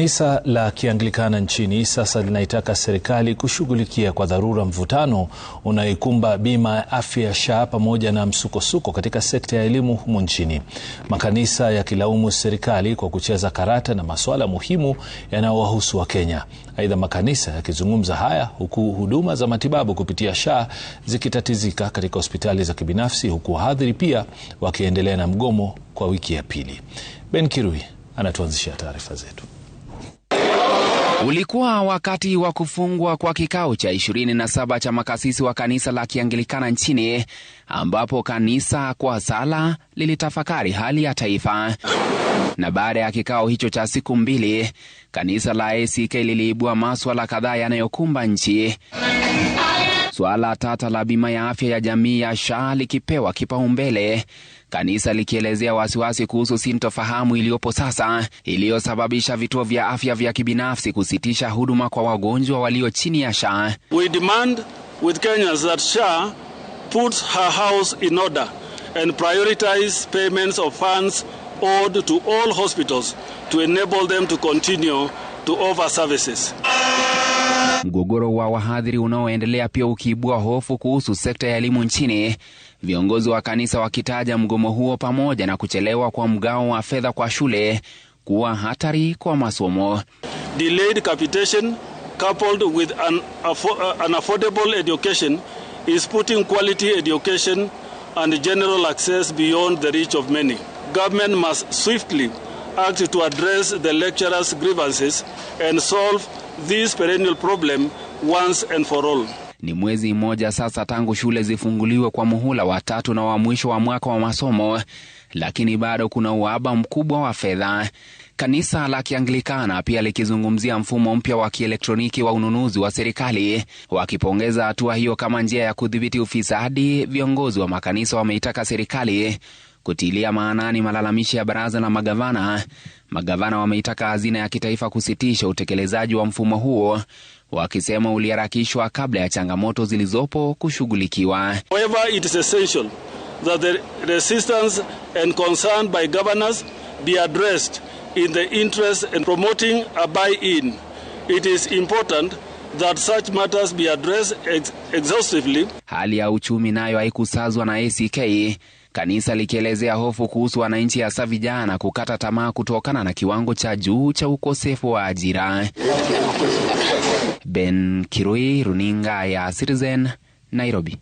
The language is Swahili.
Kanisa la Kianglikana nchini sasa linaitaka serikali kushughulikia kwa dharura mvutano unaoikumba bima ya afya ya SHA pamoja na msukosuko katika sekta ya elimu humu nchini. Makanisa yakilaumu serikali kwa kucheza karata na masuala muhimu yanayowahusu Wakenya. Aidha, makanisa yakizungumza haya huku huduma za matibabu kupitia SHA zikitatizika katika hospitali za kibinafsi, huku wahadhiri pia wakiendelea na mgomo kwa wiki ya pili. Ben Kirui anatuanzishia taarifa zetu. Ulikuwa wakati wa kufungwa kwa kikao cha 27 cha makasisi wa kanisa la Kianglikana nchini ambapo kanisa kwa sala lilitafakari hali ya taifa. Na baada ya kikao hicho cha siku mbili, kanisa la ACK liliibua maswala kadhaa yanayokumba nchi. Suala tata la bima ya afya ya jamii ya SHA likipewa kipaumbele, kanisa likielezea wasiwasi kuhusu sintofahamu iliyopo sasa iliyosababisha vituo vya afya vya kibinafsi kusitisha huduma kwa wagonjwa walio chini ya SHA. We demand with Kenyans that SHA puts her house in order and prioritize payments of funds owed to all hospitals to enable them to continue to offer services. Mgogoro wa wahadhiri unaoendelea pia ukiibua hofu kuhusu sekta ya elimu nchini, viongozi wa kanisa wakitaja mgomo huo pamoja na kuchelewa kwa mgao wa fedha kwa shule kuwa hatari kwa masomo. Delayed capitation coupled with an, uh, an affordable education is putting quality education and general access beyond the reach of many. Government must swiftly act to address the lecturers' grievances and solve this perennial problem once and for all. Ni mwezi mmoja sasa tangu shule zifunguliwe kwa muhula wa tatu na wa mwisho wa mwaka wa masomo, lakini bado kuna uhaba mkubwa wa fedha. Kanisa la Kianglikana pia likizungumzia mfumo mpya wa kielektroniki wa ununuzi wa serikali, wakipongeza hatua hiyo kama njia ya kudhibiti ufisadi. Viongozi wa makanisa wameitaka serikali kutilia maanani malalamishi ya baraza la magavana, magavana wameitaka hazina ya kitaifa kusitisha utekelezaji wa mfumo huo, wakisema uliharakishwa kabla ya changamoto zilizopo kushughulikiwa. It is important that such matters be addressed ex exhaustively. Hali ya uchumi nayo haikusazwa na ACK, kanisa likielezea hofu kuhusu wananchi hasa vijana kukata tamaa kutokana na kiwango cha juu cha ukosefu wa ajira. Ben Kirui, runinga ya Citizen, Nairobi.